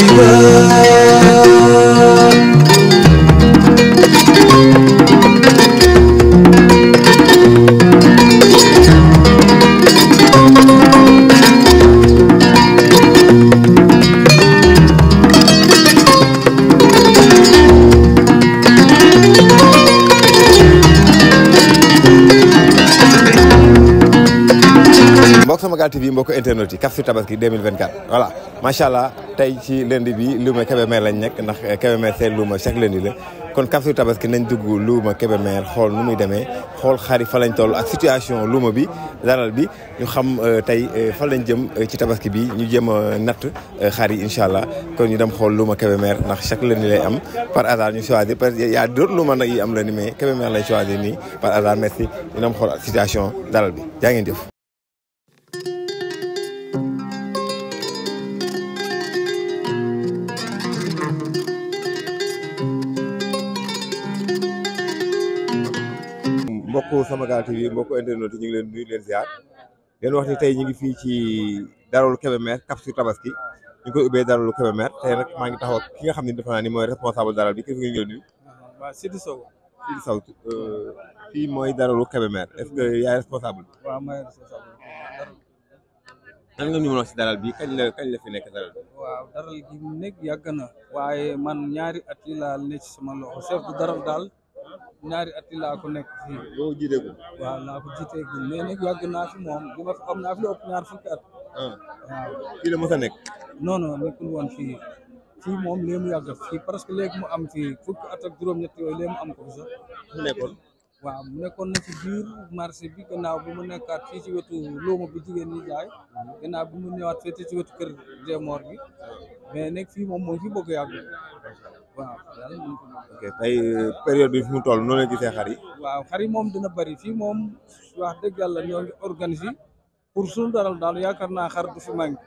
We were. Leral TV mbokk internet yi Kazu Tabaski 2024 voilà macha allah tey ci lundi bi luuma Kébémer lañ nekk ndax Kébémer seen luuma chaque lundi la kon Kazu Tabaski nañ dugg luuma Kébémer xool nu muy demee xool xari fa lañ toll ak situation luuma bi daral bi ñu xam euh, tey euh, fa lañ jëm euh, ci tabaski bi ñu jëm a natt xar yi incha allah kon ñu dem xool luuma Kébémer ndax chaque lundi lay am par hasard ñu choisir a d'autres luuma am la ni mais lañ choisir nii par hasard merci ñu dem xool situation daral bi jaa mbokk Samagal TV mbokk internet ñu ngi leen nuyu leen ziar leen tey ñu ngi fii ci daralu Kébémer Cap sur Tabaski ñu koy ubbee daralu Kébémer tey rek maa ngi taxaw ki nga xam ne defe naa ni mooy responsable daral bi ki nga ñu nuyu. waaw Sow. Sidi Sow fii euh, mooy daralu Kébémer est-ce que yaay nga ñu si daral bi kañ la kañ la fi nekk daral bi. waaw daral gi nekk yàgg na. waaye man ñaari at yi laa ne ci sama loxo chef du daral daal. ñaari at laa ko nekk fii. boo jiite ko. waaw laa ko jiitee gu mais nag yàgg naa fi moom li ma fi xam naa fi lu ëpp ñaar fukki at. Ah. waaw fii la mos a nekk. non non nekkul woon fii fii moom léemu yàgg fii parce que léegi mu am fii fukki at ak juróom-ñett yooyu am ko fi sax. waaw mu nekkoon na ci biir marché bi gannaaw bi mu nekkaat fii ci wetu luuma bi jigéen ñi jaay gannaaw bi mu ñëwaat fii ci wetu kër Demor bi mais nekk fii moom moo fi bëgg yàgg waaw yàlla mën ko bi fi mu toll noonu la gisee xar yi waaw xar yi moom dina bari fii moom wax dëgg yàlla ñoo ngi organisé pour suñu dara daal yaakaar naa xar du fi manqué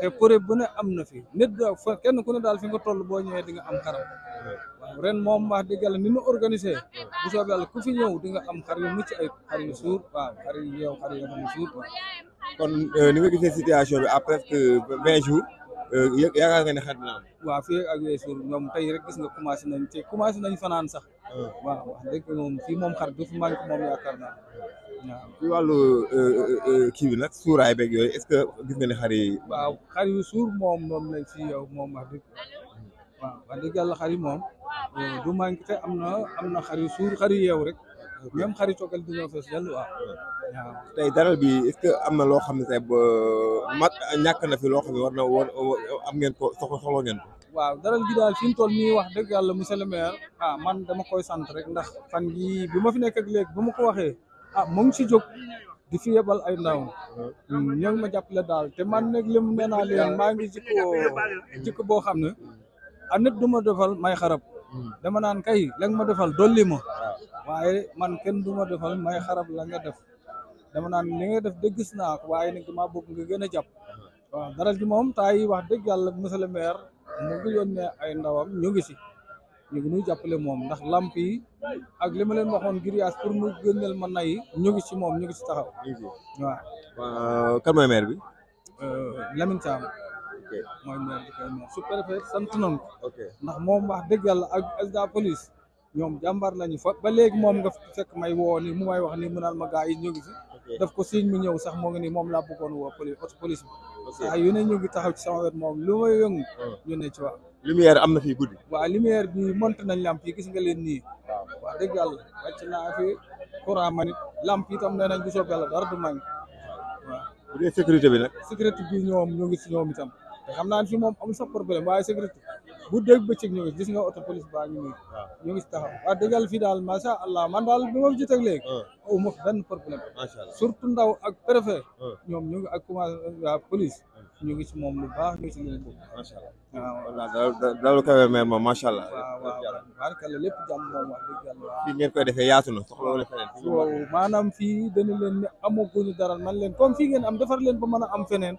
te kuréel bu ne am na fi nit fa kenn ku ne daal fi nga toll boo ñëwee di nga am xaram ren moom wax dëgg yàlla ni mu organisé bu soobee ku fi ñëw di nga am xar muc mucc ay xar yu suur waaw xar yu yeew xar suur kon euh, ni nga gisee situation bi à presque vingt jours euh, yaakaar nga ne xar dina am waaw fii ak yooyu suur ñoom rek gis nga commencé nañ te commencé nañ fanaan sax ah. waaw wax dëgg moom fii moom xar du fi manqué moom yaakaar naa waaw ci wàllu euh, kii bi nag suuraay beeg yooyu est-ce que gis nga ne xar yi waaw xar yu suur moom moom fi yow moom wax waaw wax dëgg yàlla xar yi moom euh, du manqué am na am na xar yu suur xar rek même xar yu cokal dina fees dell daral bi est ce que am na loo xam ne tey ba euh, mat ñàkk na fi loo xam ne war na war ko soxla soxla ko waaw daral gi daal fi mu toll nii wax dëgg yàlla monsieur le maire ah, man dama koy sant rek ndax fan yi bi ma fi nekk ak léegi bu ma ko waxee a ah, mu ngi si jóg di fi yebal ay ndaw ñoo ngi ma jàppale daal te man nag lim nee naa leen maa ngi jikko jikko boo xam ne a ah, nit du ma defal may xarab hmm. dama naan kay la ma defal dolli ma waaye man kenn du ma defal may xarab la nga def dama naan li nga def de gis naa ko waaye nag maa bëgg nga gën a jàpp uh-huh. waaw dara ji moom taa yi wax dëgg yàlla monsieur le maire mu ngi ay ndawam ñu ngi si ñu ngi jàppale moom ndax lamp yi ak li ma leen waxoon grillage pour mu génneel ma nay ñu ngi si moom ñu ngi si taxaw waaw kan mooy maire bi euh, Lamine Thiam mooy maire bi kay maire sous-préfet sant nañu ndax moom wax dëgg yàlla ak SDA police ñoom jàmbar lañu fa ba léegi moom nga fekk may woo ni mu may wax ni mu naan ma gaa yi ñu ngi fi daf ko siñ mu ñëw sax moo ngi ni moom laa bëggoon woo police oto police bi saa yu ne ñu ngi taxaw ci sama wet moom lu may yëngu hmm. ñu ne ci waaw lumière am na fii guddi waa lumière bi monté nañ lamp yi gis nga leen nii waaw dëgg yàlla wàcc naa fi courant manit lamp yi tam nee nañ bu soobee yàlla dara du mañ waaw bu dee sécurité bi nag sécurité bi ñoom ñu ngi si ñoom itam te xam naa ne fii moom amul sax problème waaye sécurité bu dégg bëccëg ñoo gis nga oto police baa ngi nii ñu ngi taxaw wax dëggal fii daal macha allah man daal bi ma jiteg léegi oh. aw ma benn problème surtout ndaw ak préfet oh. ñoom ñu ngi ak commencé waa oh. ñu ngi ci moom lu baax ñu ngi ci lu bëgg macha allah moom macha allah waaw waaw barkalla lépp jàmm moom wax dëgg yàlla fii ngeen koy defee yaatu na soxla wala maanaam fii dañu leen ne amaguñu dara man leen comme fii ngeen am defar leen ba mën a am feneen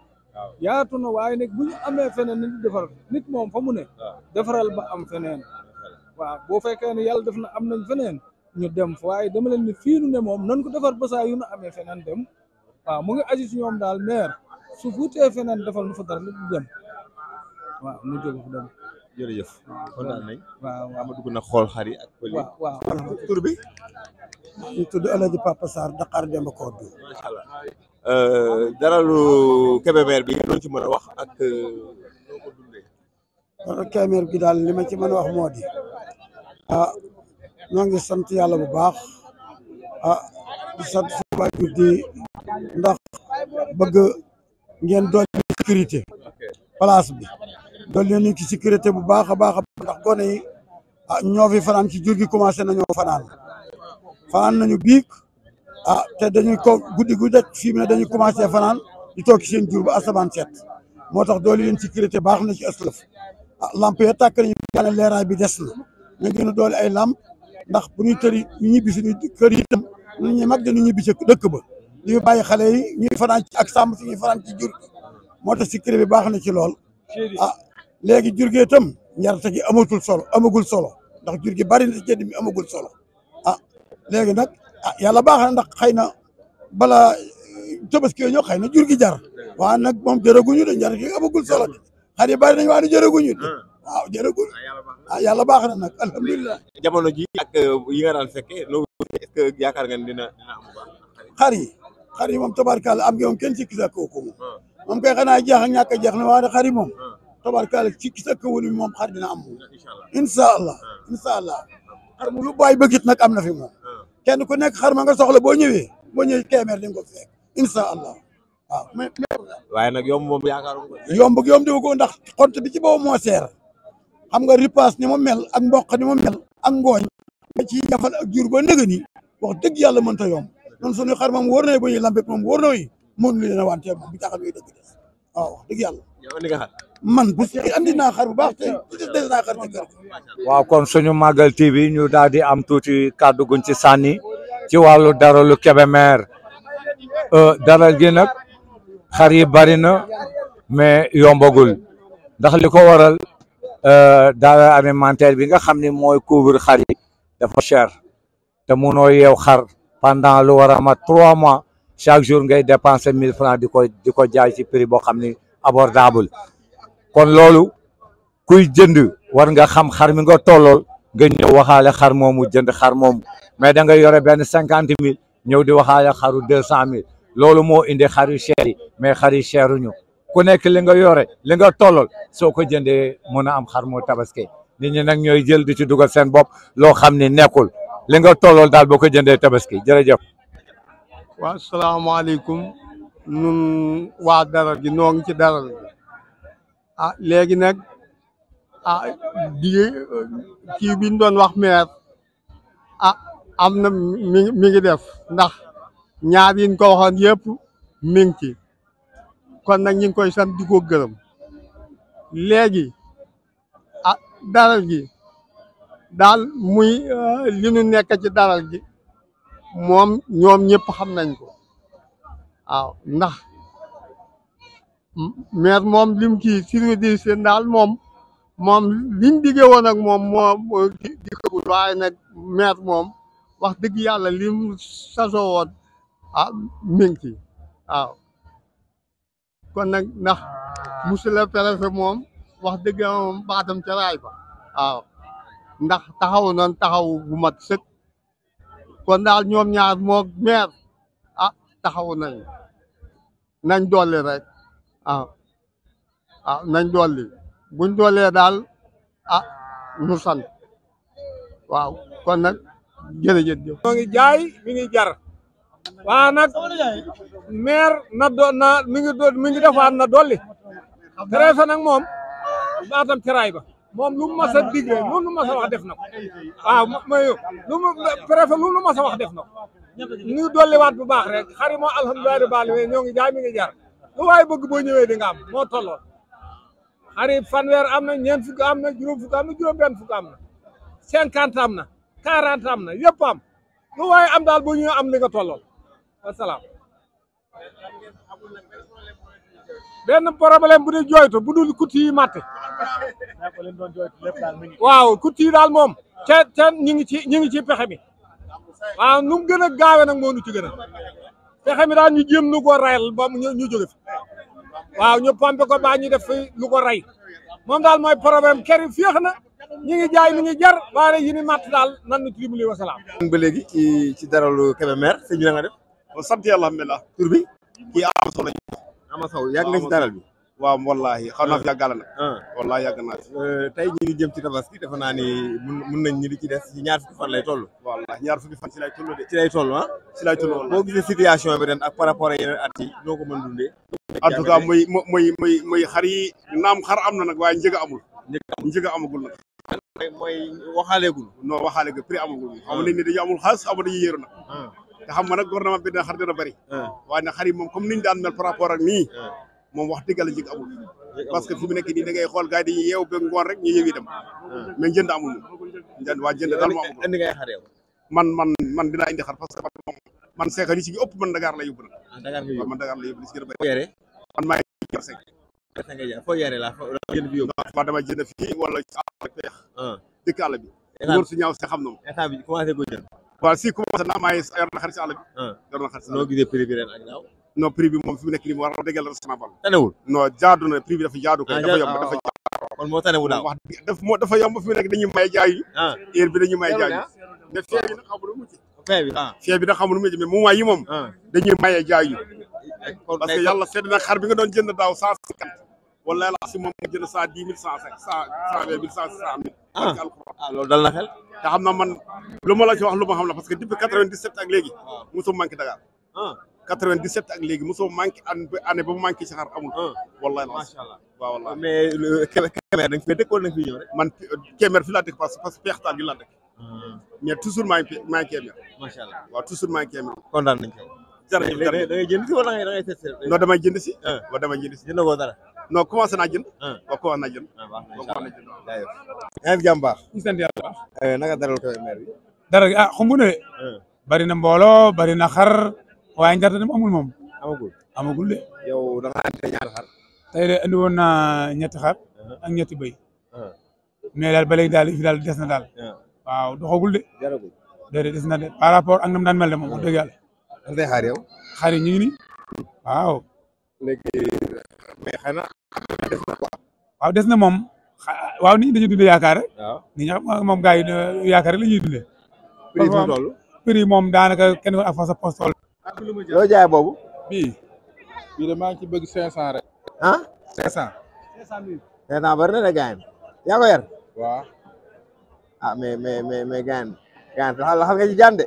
yaatu na waaye nag bu ñu amee feneen nit nit moom fa mu ne defaral ba am feneen waaw boo fekkee ne yàlla def na am na feneen ñu dem waaye dama leen ni fii nu ne moom nan ko defar ba saa yu nu amee feneen dem waaw mu ngi aju ci ñoom daal maire su fuutee feneen defal nu fa dara nit dem waaw nu jóg fa dem jërëjëf kontaan nañ waaw waaw ma dugg na xool xar yi ak pël yi waaw tur Euh, dara lu Kébémer bi ngeen ci mën a wax ak euh, noo ko dundee. dara ah, bi daal li ma ci mën wax moo di ah ñoo ngi sant yàlla bu baax ah di sant suñu waajur di ndax bëgg ngeen doon sécurité place bi doon leen ci sécurité bu baax a baax a ndax gone yi ah ñoo fi fanaan ci jur gi commencé nañoo fanaan fanaan nañu biik. ah te dañuy ko guddi gu nekk fii mu ne dañuy commencé fanaan di toog ci seen jur ba asamaan seet moo tax doole leen sécurité baax na ci ëslëf ah lamp ya tàkk nañu gànne leeraay bi des na ñu gën a doole ay lamp ndax bu ñuy tëri ñu ñibbi suñu kër yi itam nu ñuy mag dañu ñibbi ci dëkk ba ñu bàyyi xale yi ñuy fanaan ak sàmm si ñuy fanaan ci jur moo tax sécurité bi baax na ci lool ah léegi jur gi itam njarata gi amatul solo amagul solo ndax jur gi bari na ci jënd mi amagul solo ah léegi nag ah yàlla baax na ndax xëy na balaa tabaski ñoo xëy na jur gi jar waaye nag moom jërëguñu de njar gi amagul solo de xar yi bari nañu waaye jërëguñu de waaw jërëguñu ah yàlla baax na nag alhamdulilah. jamono ji ak yi nga daan fekkee loolu est-ce que yaakaar ngeen dina dina am xar yi xar yi moom tabarkaale am ngi moom kenn sikki sa kooku moom moom kay xanaa jeex ak ñàkk a jeex na waaye xar yi moom tabarkaale sikki sa kawul moom xar dina am moom incha allah incha allah xar mu lu bàyyi bëggit nag am fi moom kenn ku nekk xar ma nga soxla boo ñëwee boo ñëwee Kébémer di nga ko fekk incha allah waaw. nag yomb moom yaakaaroon ko. yomb ak yomb di ko ndax kont bi ci boobu moo seer xam nga ripaas ni mu mel ak mboq ni mu mel ak ngooñ nga ciy jafal ak jur ba ndëgë ni wax dëgg yàlla mënut a yomb noonu suñu xar moom wóor na bu ñuy lambit moom wóor na yi a wante bu taxaw yi dëgg des waaw dëgg man bu si andi kon suñu màggal TV ñu daal di am tuuti kàddu ci sànni ci wàllu daralu Kébémer euh, daral gi nag xar yi bari na mais yombagul ndax li ko waral euh, dara alimentaire bi nga xam ni mooy couvre xar yi cher te munoo yeew xar pendant lu war trois mois chaque jour ngay dépenser mille francs di ko di ko jaay ci prix boo xam ni abordable kon loolu kuy jënd war nga xam xar mi nga tollool nga ñëw waxaale xar moomu jënd xar moomu mais da nga yore benn cinquante mille ñëw di waxaale xaru deux cent mille loolu moo indi xar yu cher yi mais xar yu ku nekk li nga yore li nga tollol soo ko jëndee mën a am xar moo tabaski nit ñi nag ñooy jël di ci dugal seen bopp loo xam ni nekkul li nga tollool daal boo ko jëndee tabaski jërëjëf waaw salaamaaleykum ñun waa daral gi noo ngi ci daral gi ah léegi nag ah di kii biñ doon wax meer a ah, am na mi mi ngi def ndax ñaar yiñ ko waxaan yëpp mi ngi ci kon nag ñu ngi koy sant di ko gërëm léegi ah daral gi daal muy ah, li nu nekk ci daral gi moom ñoom ñëpp xam nañ ko waaw ndax maire moom lim kii surveillance seen daal moom moom liñ digge woon ak moom moo di këgul waaye nag maire moom wax dëgg yàlla lim saso woon ah mi ngi waaw kon nag ndax monsieur le préfet moom wax dëgg moom baatam ca raay ba waaw ndax taxaw noon taxaw bu mat sëkk kon daal ñoom ñaar moo meer ah taxawu nañ nañ dolli rek ah, nañ dolli buñ doolee daal ah nu sant waaw kon na jërëjëf jëf moo ngi jaay mi ngi jar waa nag meer na do na mi ngi mi ngi defaat na dolli préfet nag moom baatam teraay ba moom lu mu mas a digle lu mu wax def na ko waaw mooy lu lu mu wax def na ko ñu dolliwaat bu baax rek xar yi moo alhamdulilah di ñoo ngi jaay mi ngi jar lu waaye bëgg boo ñëwee di nga am moo tolloon xar yi fanweer am na ñeent fukk am na juróom fukk am na juróom am na cinquante am na quarante am lu waaye am daal boo ñëwee am li nga tolloon benn problème bu di jooytu bu dul kuti yi matte waaw kuti yi daal moom ca ca ñi ngi ci ñi ngi ci pexe bi waaw nu gën a gaawe na moo nu ci gën a pexe mi daal ñu jéem nu ko rayal ba ñu ñu jóge fi waaw ñu pompe ko baa ñu def fi lu ko ray moom daal mooy problème kër yi féex na ñi ngi jaay mi ngi jar waaye yi ni matt nan nu tilim li wasalaam ba léegi ci ci daralu Kébémer sëñ bi na nga def sant yàlla alhamdulilah tur bi kii am ma Sow yàgg nga ci daral bi. waaw wallaahi xaw naa fi yàggala nag. Ah. wallaahi yàgg naa ci. Euh, tey ñi ngi jëm ci tabaski defe naa ni mun nañ ñi di ci des ci ñaar fukki fan lay toll. wallaahi ñaar fukki fan ci lay toll de. ci lay toll ah. ci lay toll boo gisee situation bi ren ak par rapport ak yeneen at yi ñoo ko mën dundee. en tout cas muy muy muy xar naam xar am na nag waaye njëg a amul. njëg a amagul nag. mooy waxaaleegul. non waxaaleegul prix amagul. Ah. xam nañ ne dañu amul xaalis amu dañuy yéeru nag. Ah. te xam nga nag gouvernement bi dina xar dina bëri ah. waaye nag xar yi moom comme niñu daan mel par rapport ak nii ah. moom wax dëgg la njëg amul parce que fi nekk nii da ngay xool gars yi dañuy yeew ba ngoon rek ñu yeew itam ah. man man man dinaa indi xar parce que man moom man seeka ëpp man Dakar la yóbbu nag man la yóbbu li ci a bëri man maa ngi la bi yóbbu waa jënd fii wala ci dëkk àll bi góor su ñaaw sa xam waaw si commencé naa maa ngi yor na xar si àll bi. Ah. yor na xar noo gisee moom fi mu nekk nii war na dëggal la sama bal. tanewul non jaadu na prix dafa jaadu. Ah, dafa yomb ah, wax dafa yomb fi mu nekk dañuy may jaay. ah heure bi dañuy may jaay. mais fee bi nag xamul mu ci. fee bi ah fee bi nag mu ci moom. dañuy maye jaay yu. parce que yàlla seet na xar bi nga doon jënd daaw cent cinquante. wala la si moom nga jënd cent dix mille cent cinq cent cent ah loolu dal xel. te xam naa man lu ma la ci wax lu ma xam la parce que depuis 97 ak léegi. waaw mosuma manqué Dakar. ah 97 ak léegi mosuma manqué année ba mu manqué si xar amul. wallahi macha allah waaw wallahi mais Kébémer dañ fi dëkkoon fi ñëw rek. man Kébémer fi parce que peextaan gi laa mais toujours maa ngi macha allah waaw toujours maa ngi Kébémer. kontaan nañ ko. jërëjëf da ngay jënd si wala da ngay seet damay jënd si. damay jënd si dara. non commencé naa jënd. Ah. waaw commencé naa jënd. Ah, waaw waaw jaajëf. jàmm baax. ñu eh, dara ah xumbu ne. Ah. bari na mbooloo bari na xar waaye njarte dem amul moom. amagul amagul de. yow da ngaa andi ñaata ñetti xar. ak ñetti bëy. mais daal ba léegi daal fi daal des na daal. waaw doxagul de. jaragul déedéet na de par rapport ak nam daan mel de moom wax dëgg yàlla. lan lay waaw des na mom waaw ni jadi dañuy dundee ni rek. waaw nit lagi xam moom gars yi yaakaar rek la ñuy dundee. prix bi toll prix moom daanaka kenn ak fa sa bi toll. loo jaay boobu. bii bii de maa ci bëgg 500 rek. ah. 500. 500000. 500 na de gars yi ko yar. wa ah me me me me gars yi gars xam nga ci jaan de.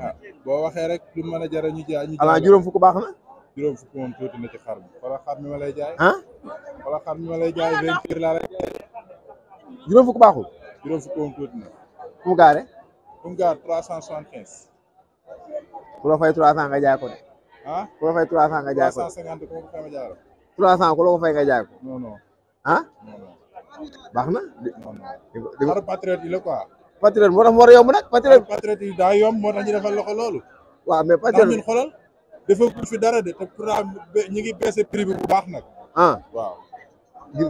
Ah, waaw rek ñu jaay ñu juróom fukki moom tuuti na ci xar mi wala xar mi ma lay jaay. ah wala xar mi ma lay jaay vingt kër laa lay juróom fukk baaxul. juróom fukki moom tuuti na. fu mu gaaree. fu mu gaar trois cent soixante quinze. ku la fay trois cent nga jaay ko de. ah ku la fay trois cent nga jaay ko de. trois cent cinquante ku la ko fay nga jaay ko. trois cent ku la ko fay nga jaay ko. non non. ah. non non. baax na. xaru patriote yi la quoi. patriote moo tax mu war a yomb nag patriote. patriote yi daa yomb moo tax ñu defal loxo loolu. waaw mais patriote ndax ñun xoolal. defagul fi dara de te ñi ngi baissé prix bi bu baax nag. ah waaw.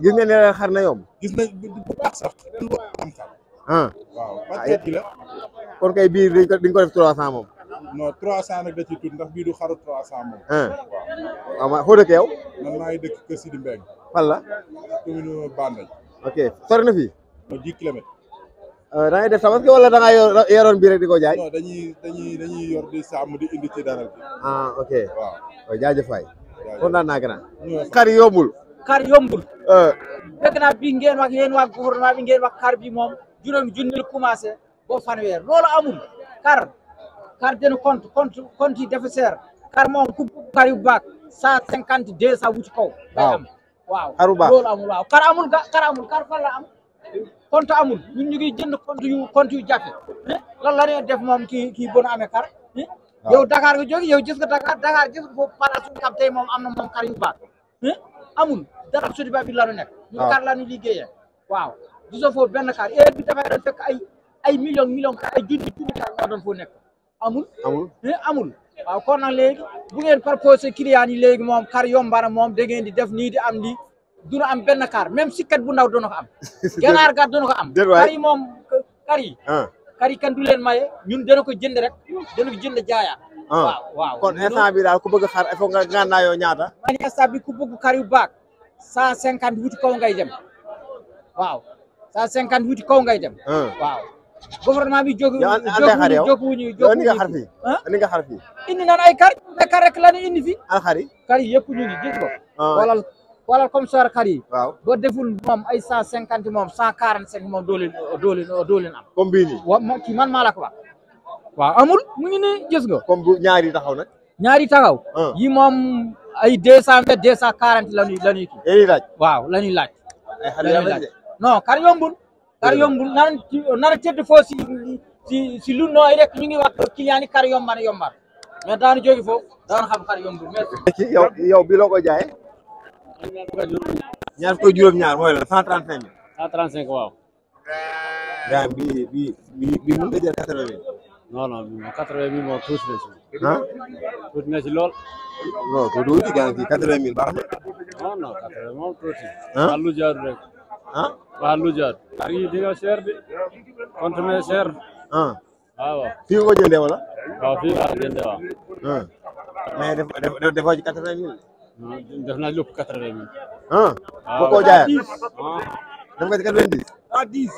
gis nga ne xar na yomb. gis nañ bu baax sax lu am xar. ah waaw ah, pàcceet gi la. kon kay bii dañ ko ko def trois cent moom. non trois cent nag da ciy tudd ndax bii du xaru trois cent moom. Ah. waaw waaw foo dëkk yow. man maa ngi dëkk Kër Sidi Mbengue. fan la. commune Bandañ. ok sori na fii. mooy dix kilomètres. Eh, da ngay def tabaski da ngaa yoroon bii rek di ko jaay. non dañuy dañuy dañuy yor di sàmm di indi ci dara ah, ok waaw jaajëf waay. kon daan naa gën a. xar yombul. xar yombul. Eh. dëgg naa bi ngeen wax yéen waa gouvernement bi ngeen wax xar bi moom juróomi junni la commencé boo fanweer loolu amul xar xar den compte compte compte yi dafa seer xar moom ku xar yu baax cent cinquante deux cent wu ci kaw. waaw xaru baax amul waaw xar amul compte amul ñun ñu ngi jënd compte yu compte la ñuy def moom kii kii bon amee kar yow Dakar nga jóge yow gis nga Dakar Dakar gis nga foofu palaas suñu am tey moom am na moom kar yu baax amul dara Sodiba bi la ñu nekk kar la ñu liggéeyee waaw gisoo foofu benn kar heure bi dafay doon fekk ay ay million million kar ay junni junni kar nga doon foo nekk amul eh, amul waaw kon nag léegi bu ngeen proposé client yi léegi moom kar yombana moom da di def nii di am lii duna am ben car même si kat bu ndaw doona ko am ganaar gaar doona ko am kari mom kari ah. kari kan du len maye ñun dana ko jënd rek dana ko jënd jaaya ah. waaw waaw kon instant bi dal ku bëgg xaar il nga ganna yo ñaata man instant bi ku bëgg kari yu baax cent wuti kaw ngay dem waaw 150 wuti kaw ngay dem ah. waaw gouvernement bi jóg jóg wuñu jóg ni nga xar fi ni nga xar fi indi nan ay kar ay rek la ni indi fi al xari kari yépp ñu ngi gis ko walal wala comme soeur kadi waaw bo deful mom ay 150 mom 145 mom quarante cinq moom doolin doolin doolin am comme bii nii waaw ki man mala ko wax wa amul mu ngi ni jess nga comme bu ñaari taxaw nak ñaari taxaw ah. yi mom ay 200 240 lañuy lañuy ki ay laaj waaw lañuy laaj ay xari laaj non kar yombul kar yombul nan ci nar ci tëdd foo ci ci ci lu nooy rek ñu ngi wax client yi kar yombar yombar mais daanu jógi fo daan xam kar yombul mais yow yow bi loo ko jaayee ñaar fukk ak juróom-ñaar mooy la cent trente cinq mille. cent trente cinq waaw. gars bi bi bi bi mën nga jël quatre vingt mille. non non quatre vingt mille moom tuuti na si. ah tuuti na si lool. non tuuti gàncax gi quatre vingt mille baax na. non non quatre vingt moom tuuti. ah lu jaar rek. ah waa def lépp quatre vingt mille. ah boo ko jaayaat def nga ci quatre vingt dix. cent dix.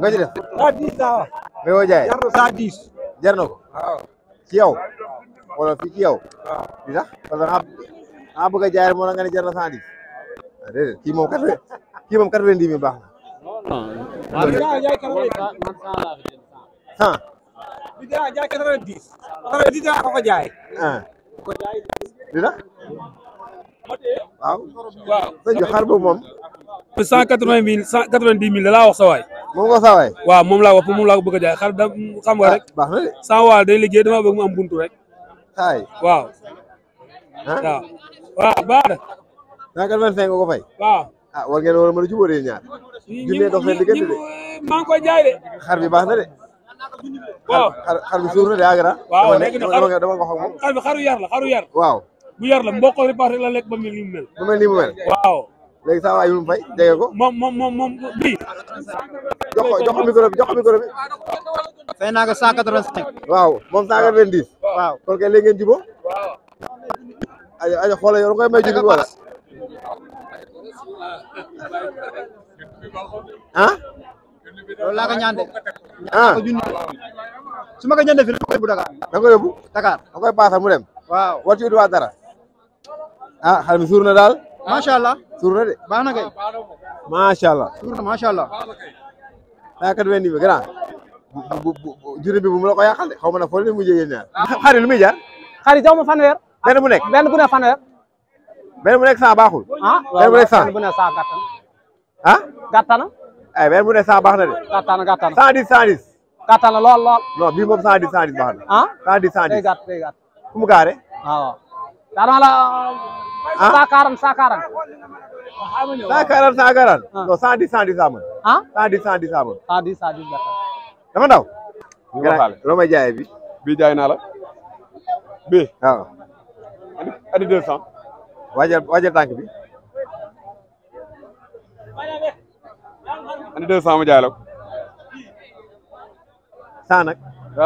nga ci def. cent dix laa. nga yoo jaayee. jar na cent dix. jar Aduh. ko. waaw ci yow. wala fii ci yow. waaw di sax parce que ah bëgg a jaayee moo la nga ne jar na cent dix. ah déedéet kii moom quatre vingt kii moom quatre vingt dix mi baax dina waaw. waaw sëñ bi xar boobu moom. cent quatre laa wax moom nga waaw moom moom laa ko bëgg a jaay xar da xam nga baax na de sans waa day liggéey damaa bëgg mu am rek. xaay waaw. baax na. cent quatre vingt fay. waaw war ngeen war a mën a jubóo de ñaar. junne dox leen diggante de. maa koy jaay de. xar baax na de. waaw bi suur na de agra. waaw nekk na dama nga wax moom. xar bi yar la xaru yar. bu yar la boo ko réparé la lekk ba mel ni mu mel. mu mel ni mu mel. waaw. léegi saa waay mu fay jege ko. moom moom moom moom bii. jox ko jox ko micro bi jox ko micro bi. fay naa ko cent quatre-vingt-cinq. waaw moom cent waaw kon kay léegi ngeen waaw. aywa aywa xoolal yow da may jubóo wala. ah. loolu laa ko ñaan ah su ma ko ñaan de fii da koy Dakar. da koy yóbbu Dakar da koy paasal mu dem. waaw dara. ah xar mi suur na daal. macha allah suur na de. baax na kay. macha allah. suur na macha allah. ah quatre bi grand. bu bu jur bi bu mu la ko de xaw ma na foofu la mujjee yéen ñaar. Ah. xar yi lu muy jaar. xar yi jox ma fanweer. benn bu nekk benn bu nekk fanweer. benn bu nekk cent baaxul. ah benn bu nekk cent benn bu nekk na. ay ah? eh, benn bu saa cent baax na de. gàttal na gàttal na lool lool. non bii moom cent dix cent dix baax na. ah cent dix cent dix day gàtt cent quarante cent quarante. cent quarante cent quarante. non cent dix cent dix laa mën. ah cent dix cent dix laa mën. cent dix cent dix dafa ndaw. ñu waxaale loo may jaayee bi. bii jaay naa la. bii waaw. Ah. andi deux cent. waajal waajal tànk bi. andi deux cent ma jaay la ko. cent nag.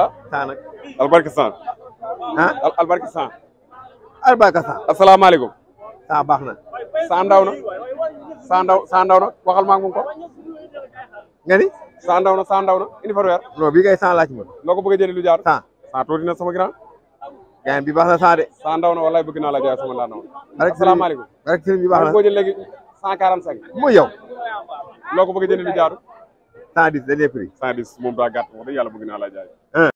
ah cent nag. albarka cent. ah albarka cent. albarka cent. asalaamaaleykum. ah baax na saa ndaw na saa ndaw saa ndaw na waxal maa ngi ko nga ni saa ndaw na saa ndaw na indi fanweer non bii kay saa laaj ma loo ko bëgg a jënd lu jaar saa saa tuuti na sama grand gaan bi baax na saa de saa ndaw na wallaay bëgg naa la jaay sama laa ndaw rek salaamaaleykum rek sëriñ bi baax na ko jël léegi cent quarante cinq mooy yow loo ko bëgg a jënd lu jaar cent dix dañ lay prix cent dix moom daa gàtt wax dëgg yàlla bëgg naa la jaay